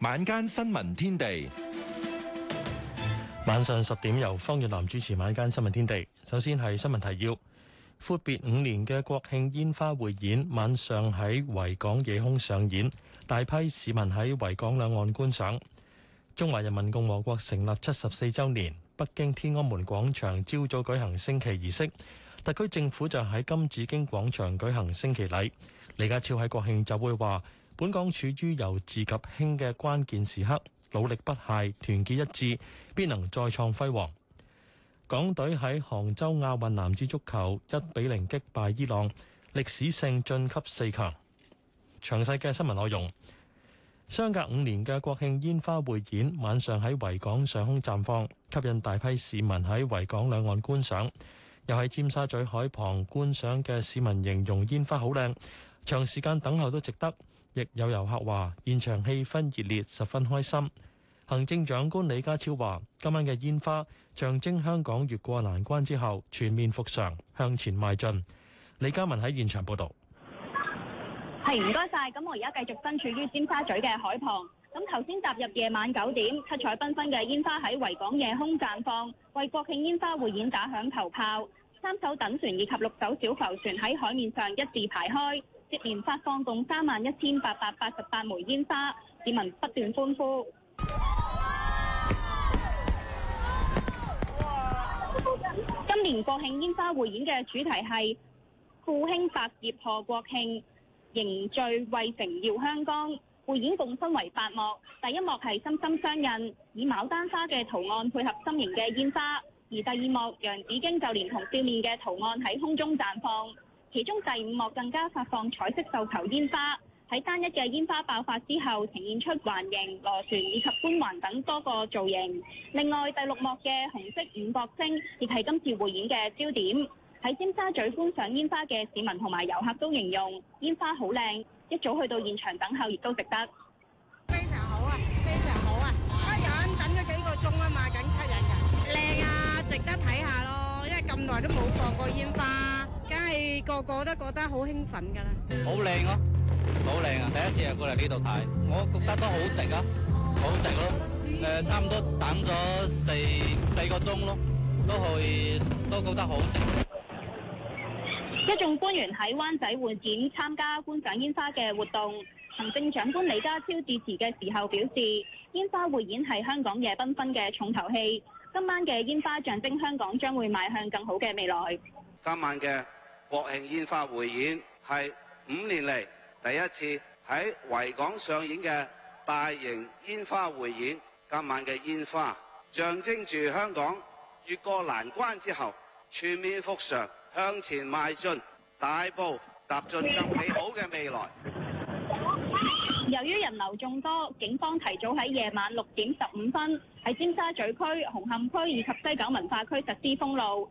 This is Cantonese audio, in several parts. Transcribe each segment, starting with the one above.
晚間新聞天地，晚上十點由方若南主持。晚間新聞天地，首先係新聞提要。闊別五年嘅國慶煙花匯演晚上喺維港夜空上演，大批市民喺維港兩岸觀賞。中華人民共和國成立七十四周年，北京天安門廣場朝早舉行升旗儀式，特區政府就喺金紫荊廣場舉行升旗禮。李家超喺國慶就會話。本港處於由治及興嘅關鍵時刻，努力不懈，團結一致，必能再創輝煌。港隊喺杭州亞運男子足球一比零擊敗伊朗，歷史性晉級四強。詳細嘅新聞內容，相隔五年嘅國慶煙花匯演晚上喺維港上空綻放，吸引大批市民喺維港兩岸觀賞。又喺尖沙咀海旁觀賞嘅市民形容煙花好靚，長時間等候都值得。亦有遊客話：現場氣氛熱烈，十分開心。行政長官李家超話：今晚嘅煙花象徵香港越過難關之後，全面復常，向前邁進。李嘉文喺現場報導：係唔該晒，咁我而家繼續身處於尖沙咀嘅海旁。咁頭先踏入夜晚九點，七彩繽紛嘅煙花喺維港夜空綻放，為國慶煙花匯演打響頭炮。三艘等船以及六艘小浮船喺海面上一字排開。接連發放共三萬一千八百八十八枚煙花，市民不斷歡呼。 今年國慶煙花匯演嘅主題係“富興百業賀國慶，凝聚衛城耀香江”。匯演共分為八幕，第一幕係“心心相印”，以牡丹花嘅圖案配合心形嘅煙花；而第二幕楊紫荊就連同笑面嘅圖案喺空中綻放。其中第五幕更加發放彩色繡球煙花，喺單一嘅煙花爆發之後，呈現出環形、螺旋以及觀環等多個造型。另外第六幕嘅紅色五角星亦係今次匯演嘅焦點。喺尖沙咀觀賞煙花嘅市民同埋遊客都形容煙花好靚，一早去到現場等候亦都值得。非常好啊，非常好啊！吸引等咗幾個鐘啊嘛，緊吸引㗎。靚啊，值得睇下咯，因為咁耐都冇放過煙花。個個都覺得好興奮噶啦，好靚咯，好靚啊！第一次啊，過嚟呢度睇，我覺得都好值啊，好、嗯嗯、值咯、啊。誒、嗯，差唔多等咗四四個鐘咯、啊，都可以都覺得好值、啊。一眾官員喺灣仔會展參加觀賞煙花嘅活動，行政長官李家超致辭嘅時候表示，煙花匯演係香港夜繽紛嘅重頭戲。今晚嘅煙花象徵香港將會邁向更好嘅未來。今晚嘅。國慶煙花匯演係五年嚟第一次喺維港上演嘅大型煙花匯演。今晚嘅煙花象徵住香港越過難關之後全面復常、向前邁進、大步踏進更美好嘅未來。由於人流眾多，警方提早喺夜晚六點十五分喺尖沙咀區、紅磡區以及西九文化區實施封路。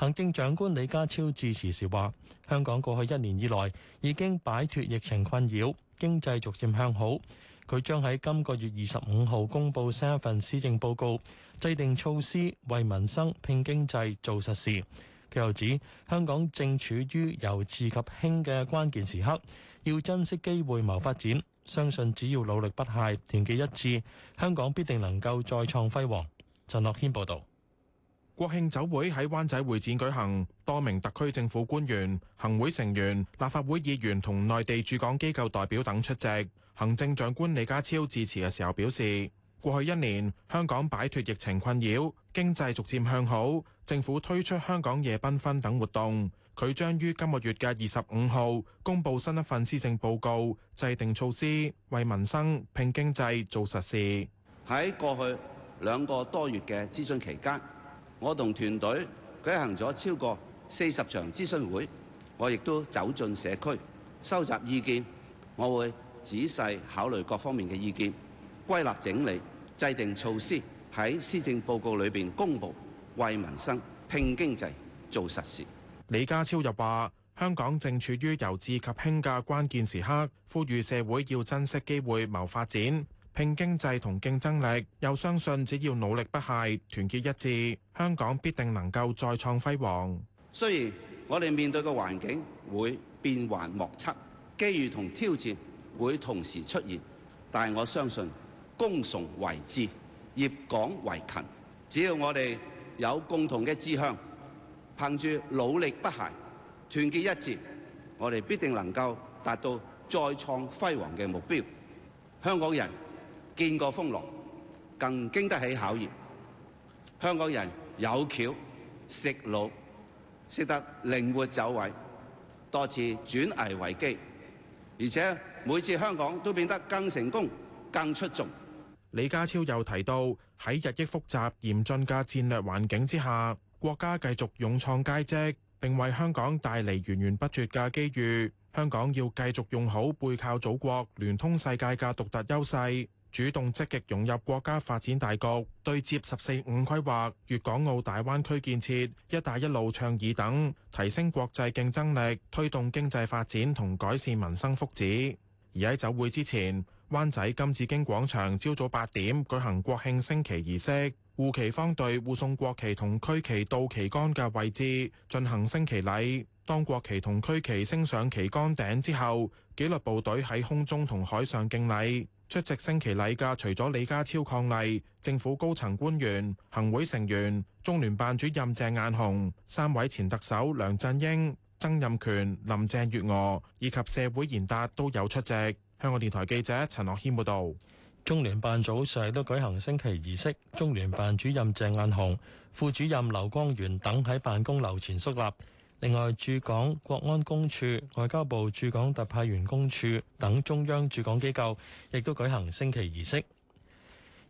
行政長官李家超致辭時話：香港過去一年以來已經擺脱疫情困擾，經濟逐漸向好。佢將喺今個月二十五號公布新一份施政報告，制定措施為民生、拼經濟、做實事。佢又指，香港正處於由治及興嘅關鍵時刻，要珍惜機會謀發展，相信只要努力不懈、團結一致，香港必定能夠再創輝煌。陳樂軒報導。國慶酒會喺灣仔會展舉行，多名特區政府官員、行會成員、立法會議員同內地駐港機構代表等出席。行政長官李家超致辭嘅時候表示，過去一年香港擺脱疫情困擾，經濟逐漸向好，政府推出香港夜繽紛等活動。佢將於今個月嘅二十五號公佈新一份施政報告，制定措施為民生、拼經濟做實事。喺過去兩個多月嘅諮詢期間。我同團隊舉行咗超過四十場諮詢會，我亦都走進社區收集意見，我會仔細考慮各方面嘅意見，歸納整理，制定措施喺施政報告裏邊公布，為民生拼經濟做實事。李家超又話：香港正處於由治及興嘅關鍵時刻，呼籲社會要珍惜機會謀發展。拼經濟同競爭力，又相信只要努力不懈、團結一致，香港必定能夠再創輝煌。雖然我哋面對嘅環境會變幻莫測，機遇同挑戰會同時出現，但係我相信，功崇惟志，業廣惟勤。只要我哋有共同嘅志向，憑住努力不懈、團結一致，我哋必定能夠達到再創輝煌嘅目標。香港人。見過風浪，更經得起考驗。香港人有橋食路，識得靈活走位，多次轉危為機，而且每次香港都變得更成功、更出眾。李家超又提到，喺日益複雜嚴峻嘅戰略環境之下，國家繼續勇創佳績，並為香港帶嚟源源不絕嘅機遇。香港要繼續用好背靠祖國、聯通世界嘅獨特優勢。主動積極融入國家發展大局，對接十四五規劃、粵港澳大灣區建設、一帶一路倡議等，提升國際競爭力，推動經濟發展同改善民生福祉。而喺酒會之前，灣仔金紫荊廣場朝早八點舉行國慶升旗儀式，護旗方隊護送國旗同區旗到旗杆嘅位置進行升旗禮。當國旗同區旗升上旗杆頂之後，紀律部隊喺空中同海上敬禮。出席升旗禮嘅除咗李家超伉儷、政府高層官員、行會成員、中聯辦主任鄭雁雄，三位前特首梁振英、曾蔭權、林鄭月娥以及社會賢達都有出席。香港電台記者陳樂謙報道，中聯辦早上都舉行升旗儀式，中聯辦主任鄭雁雄、副主任劉光源等喺辦公樓前肅立。另外，駐港國安公署、外交部駐港特派員公署等中央駐港機構亦都舉行升旗儀式。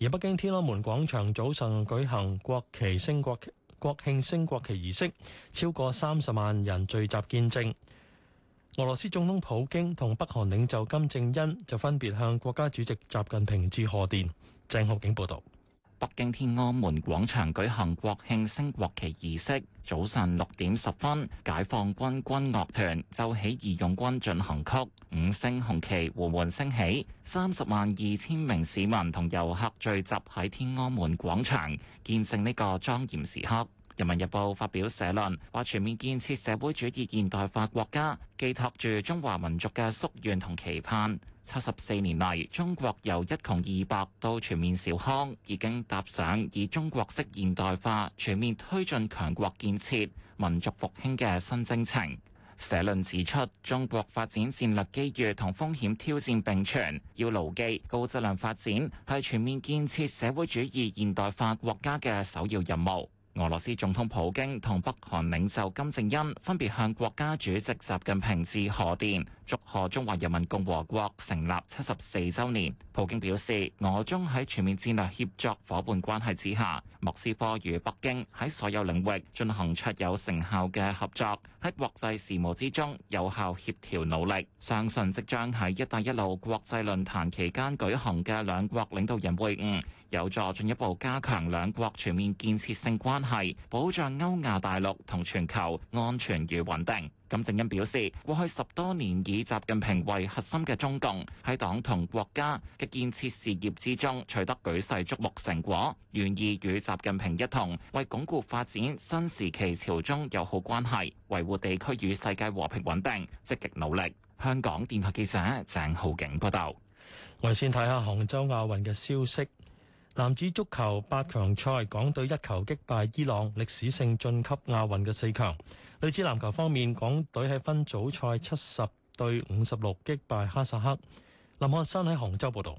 而北京天安門廣場早上舉行國旗升國國慶升國旗儀式，超過三十萬人聚集見證。俄羅斯總統普京同北韓領袖金正恩就分別向國家主席習近平致賀電。鄭浩景報道：北京天安門廣場舉行國慶升國旗儀式，早晨六點十分，解放軍軍樂團奏起義勇軍進行曲，五星紅旗緩緩升起。三十萬二千名市民同遊客聚集喺天安門廣場，見證呢個莊嚴時刻。《人民日報》發表社論，話全面建設社會主義現代化國家，寄託住中華民族嘅夙願同期盼。七十四年嚟，中國由一窮二白到全面小康，已經踏上以中國式現代化全面推進強國建設、民族復興嘅新征程。社論指出，中國發展戰略機遇同風險挑戰並存，要牢記高質量發展係全面建設社會主義現代化國家嘅首要任務。俄羅斯總統普京同北韓領袖金正恩分別向國家主席習近平致賀電。祝賀中華人民共和國成立七十四周年。普京表示，俄中喺全面戰略協作伙伴關係之下，莫斯科與北京喺所有領域進行卓有成效嘅合作，喺國際事務之中有效協調努力。相信即將喺“一帶一路”國際論壇期間舉行嘅兩國領導人會晤，有助進一步加強兩國全面建設性關係，保障歐亞大陸同全球安全與穩定。金正恩表示，過去十多年以習近平為核心嘅中共喺黨同國家嘅建設事業之中取得舉世矚目成果，願意與習近平一同為鞏固發展新時期朝中友好關係，維護地區與世界和平穩定積極努力。香港電台記者鄭浩景報道。我哋先睇下杭州亞運嘅消息，男子足球八強賽港隊一球擊敗伊朗，歷史性晉級亞運嘅四強。女子籃球方面，港隊喺分組賽七十對五十六擊敗哈薩克。林學山喺杭州報道。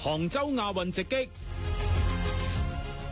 杭州亞運直擊。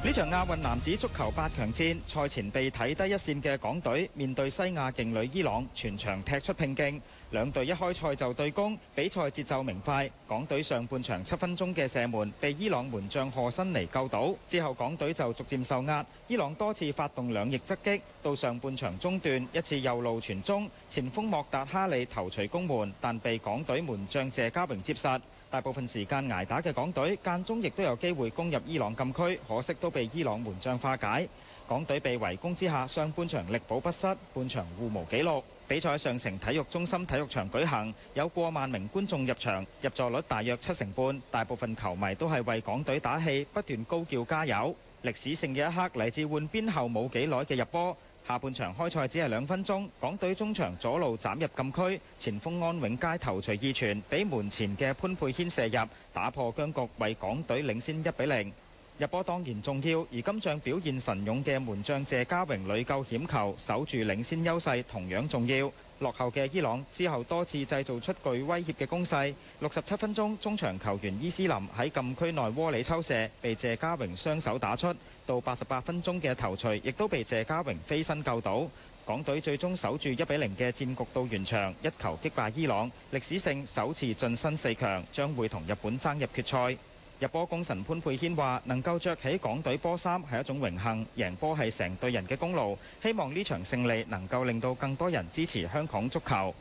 呢場亞運男子足球八強戰，賽前被睇低一線嘅港隊面對西亞勁旅伊朗，全場踢出拼勁，兩隊一開賽就對攻，比賽節奏明快。港隊上半場七分鐘嘅射門被伊朗門將賀新尼救到。之後港隊就逐漸受壓，伊朗多次發動兩翼側擊，到上半場中段，一次右路傳中，前鋒莫達哈里頭槌攻門，但被港隊門將謝家榮接殺。大部分時間挨打嘅港隊，間中亦都有機會攻入伊朗禁區，可惜都被伊朗門將化解。港隊被圍攻之下，上半場力保不失，半場互無紀錄。比賽上城體育中心體育場舉行，有過萬名觀眾入場，入座率大約七成半。大部分球迷都係為港隊打氣，不斷高叫加油。歷史性嘅一刻嚟自換邊後冇幾耐嘅入波。下半場開賽只係兩分鐘，港隊中場左路斬入禁區，前鋒安永佳頭槌二傳，俾門前嘅潘佩軒射入，打破僵局，為港隊領先一比零。入波當然重要，而今仗表現神勇嘅門將謝家榮屢救險球，守住領先優勢同樣重要。落後嘅伊朗之後多次製造出具威脅嘅攻勢。六十七分鐘，中場球員伊斯林喺禁區內窩里抽射，被謝家榮雙手打出。到八十八分鐘嘅頭槌，亦都被謝家榮飛身救到。港隊最終守住一比零嘅戰局到完場，一球擊敗伊朗，歷史性首次晉身四強，將會同日本爭入決賽。入波功臣潘佩軒話能夠着起港隊波衫係一種榮幸，贏波係成隊人嘅功勞，希望呢場勝利能夠令到更多人支持香港足球。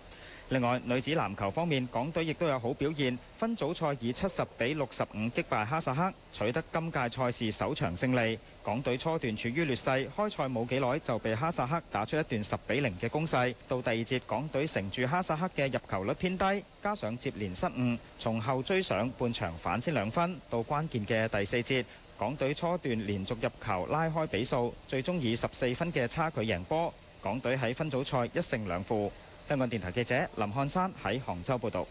另外，女子籃球方面，港隊亦都有好表現。分組賽以七十比六十五擊敗哈薩克，取得今屆賽事首場勝利。港隊初段處於劣勢，開賽冇幾耐就被哈薩克打出一段十比零嘅攻勢。到第二節，港隊乘住哈薩克嘅入球率偏低，加上接連失誤，從後追上，半場反先兩分。到關鍵嘅第四節，港隊初段連續入球，拉開比數，最終以十四分嘅差距贏波。港隊喺分組賽一勝兩負。香港電台記者林漢山喺杭州報道。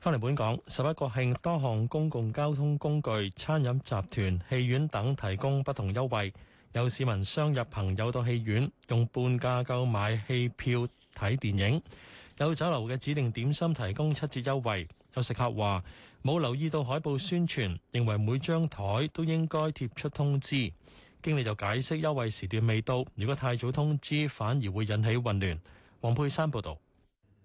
翻嚟本港，十一國慶，多項公共交通工具、餐飲集團、戲院等提供不同優惠。有市民相約朋友到戲院，用半價購買戲票睇電影。有酒樓嘅指定點心提供七折優惠。有食客話冇留意到海報宣傳，認為每張台都應該貼出通知。經理就解釋優惠時段未到，如果太早通知反而會引起混亂，黃佩珊報道。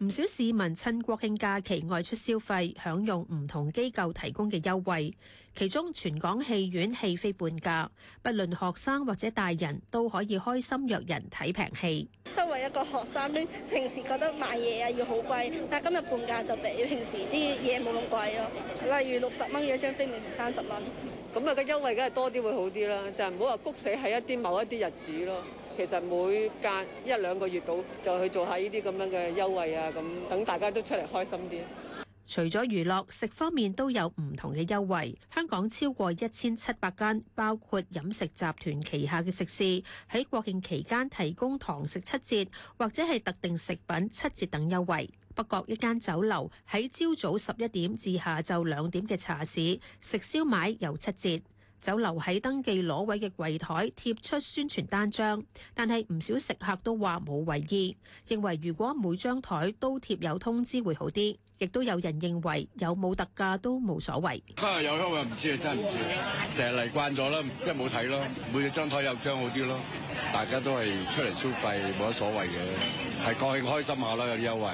唔少市民趁國慶假期外出消費，享用唔同機構提供嘅優惠。其中，全港戲院戲飛半價，不論學生或者大人都可以開心約人睇平戲。身為一個學生，平時覺得買嘢啊要好貴，但係今日半價就比平時啲嘢冇咁貴咯。例如六十蚊嘅張飛，變成三十蚊。咁啊，個優惠梗係多啲會好啲啦，就係唔好話谷死喺一啲某一啲日子咯。其實每隔一兩個月度，就去做下呢啲咁樣嘅優惠啊，咁等大家都出嚟開心啲。除咗娛樂，食方面都有唔同嘅優惠。香港超過一千七百間，包括飲食集團旗下嘅食肆，喺國慶期間提供堂食七折，或者係特定食品七折等優惠。北角一間酒樓喺朝早十一點至下晝兩點嘅茶市食燒賣有七折。酒樓喺登記攞位嘅櫃台貼出宣傳單張，但係唔少食客都話冇為意，認為如果每張台都貼有通知會好啲。亦都有人認為有冇特價都冇所謂。有優惠唔知啊，真唔知。成日嚟慣咗啦，即係冇睇咯。每個張台有張好啲咯。大家都係出嚟消費冇乜所謂嘅，係過慶開心下啦，有啲優惠。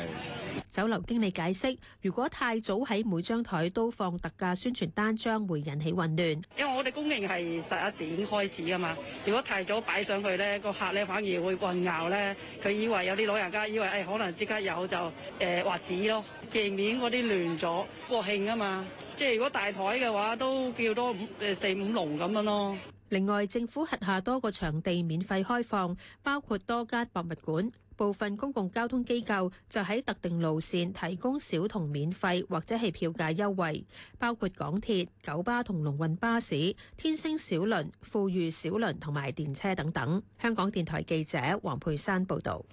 酒樓經理解釋：如果太早喺每張台都放特價宣傳單，將會引起混亂。因為我哋供應係十一點開始㗎嘛，如果太早擺上去咧，個客咧反而會混淆咧。佢以為有啲老人家以為誒、哎、可能即刻有就誒劃紙咯，避免嗰啲亂咗。國慶啊嘛，即係如果大台嘅話都叫多誒四五籠咁樣咯。另外，政府轄下多個場地免費開放，包括多間博物館。部分公共交通機構就喺特定路線提供小童免費或者係票價優惠，包括港鐵、九巴同龍運巴士、天星小輪、富裕小輪同埋電車等等。香港電台記者黃佩珊報導。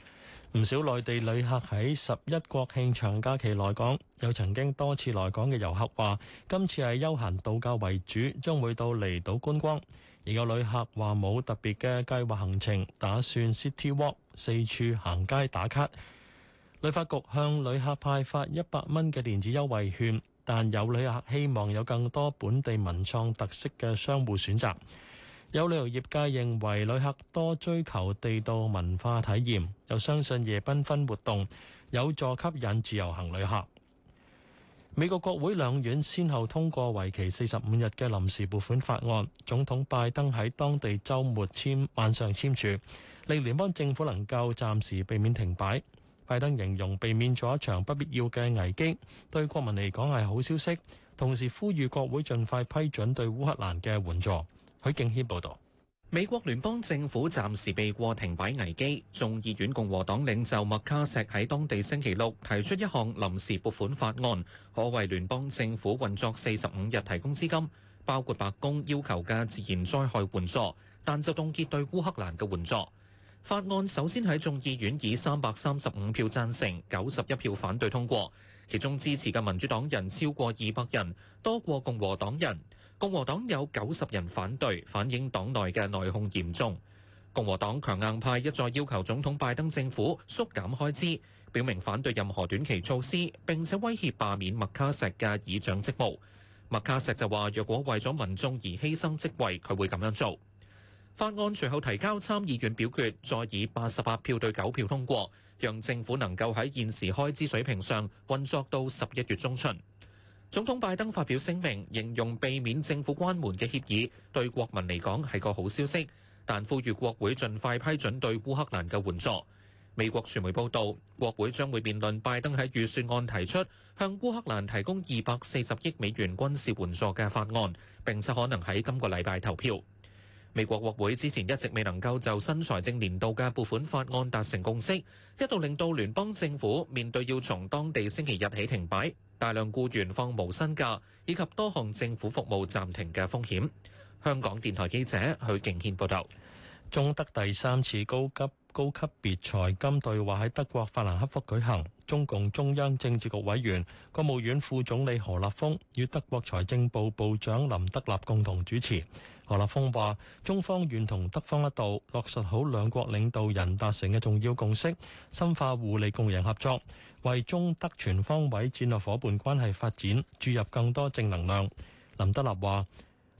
唔少內地旅客喺十一國慶長假期來港，有曾經多次來港嘅遊客話：今次係休閒度假為主，將會到離島觀光。而有旅客話冇特別嘅計劃行程，打算 city walk，四處行街打卡。旅發局向旅客派發一百蚊嘅電子優惠券，但有旅客希望有更多本地文創特色嘅商戶選擇。有旅遊業界認為旅客多追求地道文化體驗，又相信夜繽紛活動有助吸引自由行旅客。美國國會兩院先後通過為期四十五日嘅臨時撥款法案，總統拜登喺當地週末簽晚上簽署，令聯邦政府能夠暫時避免停擺。拜登形容避免咗一場不必要嘅危機，對國民嚟講係好消息，同時呼籲國會盡快批准對烏克蘭嘅援助。許敬軒報道：美國聯邦政府暫時避過停擺危機。眾議院共和黨領袖麥卡錫喺當地星期六提出一項臨時撥款法案，可為聯邦政府運作四十五日提供資金，包括白宮要求嘅自然災害援助，但就凍結對烏克蘭嘅援助。法案首先喺眾議院以三百三十五票贊成、九十一票反對通過，其中支持嘅民主黨人超過二百人，多過共和黨人。共和黨有九十人反對，反映黨內嘅內訌嚴重。共和黨強硬派一再要求總統拜登政府縮減開支，表明反對任何短期措施，並且威脅罷免麥卡錫嘅議長職務。麥卡錫就話：若果為咗民眾而犧牲職位，佢會咁樣做。法案隨後提交參議院表決，再以八十八票對九票通過，讓政府能夠喺現時開支水平上運作到十一月中旬。總統拜登發表聲明，形容避免政府關門嘅協議對國民嚟講係個好消息，但呼籲國會盡快批准對烏克蘭嘅援助。美國傳媒報道，國會將會辯論拜登喺預算案提出向烏克蘭提供二百四十億美元軍事援助嘅法案，並且可能喺今個禮拜投票。美國國會之前一直未能夠就新財政年度嘅撥款法案達成共識，一度令到聯邦政府面對要從當地星期日起停擺。大量僱員放無薪假，以及多項政府服務暫停嘅風險。香港電台記者許敬軒報道。中德第三次高級高級別財金對話喺德國法蘭克福舉行，中共中央政治局委員、國務院副總理何立峰與德國財政部部長林德納共同主持。何立峰話：中方願同德方一道落實好兩國領導人達成嘅重要共識，深化互利共贏合作，為中德全方位戰略夥伴關係發展注入更多正能量。林德納話：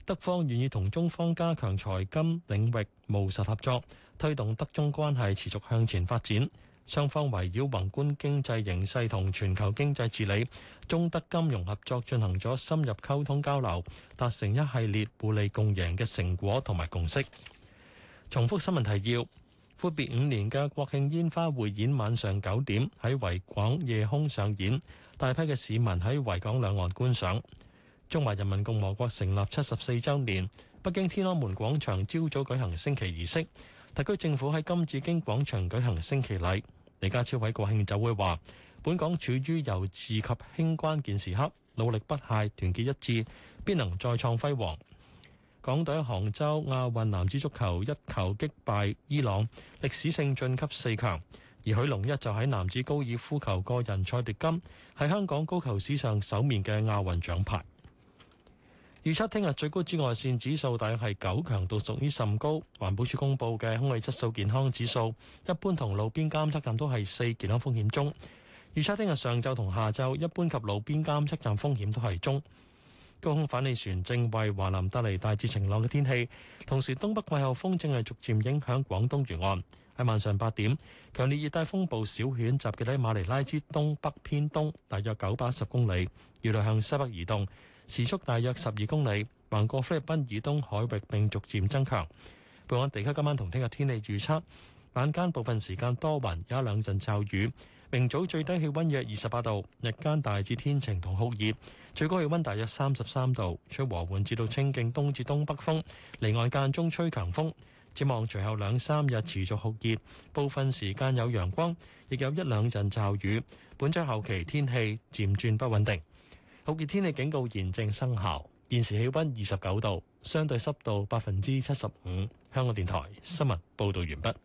德方願意同中方加強財金領域務實合作。推動德中關係持續向前發展，雙方圍繞宏觀經濟形勢同全球經濟治理、中德金融合作進行咗深入溝通交流，達成一系列互利共贏嘅成果同埋共識。重複新聞提要：闊別五年嘅國慶煙花匯演晚上九點喺維港夜空上演，大批嘅市民喺維港兩岸觀賞。中華人民共和國成立七十四週年，北京天安門廣場朝早舉行升旗儀式。特區政府喺金紫荊廣場舉行升旗禮，李家超喺國慶酒會話，本港處於由治及興關鍵時刻，努力不懈，團結一致，必能再創輝煌。港隊杭州亞運男子足球一球擊敗伊朗，歷史性晉級四強；而許龍一就喺男子高爾夫球個人賽奪金，係香港高球史上首面嘅亞運獎牌。預測聽日最高紫外線指數大約係九強度，屬於甚高。環保署公布嘅空氣質素健康指數，一般同路邊監測站都係四，健康風險中。預測聽日上晝同下晝，一般及路邊監測站風險都係中。高空反氣旋正為華南帶嚟大致晴朗嘅天氣，同時東北季候風正係逐漸影響廣東沿岸。喺晚上八點，強烈熱帶風暴小犬集結喺馬尼拉之東北偏東，大約九百一十公里，預料向西北移動，時速大約十二公里，橫過菲律賓以東海域並逐漸增強。本港地區今晚同聽日天氣預測，晚間部分時間多雲，有一兩陣驟雨。明早最低氣溫約二十八度，日間大致天晴同酷熱，最高氣溫大約三十三度，吹和緩至到清勁東至東北風，離岸間中吹強風。展望隨後兩三日持續酷熱，部分時間有陽光，亦有一兩陣驟雨。本週後期天氣漸轉不穩定。酷熱天氣警告現正生效。現時氣溫二十九度，相對濕度百分之七十五。香港電台新聞報道完畢。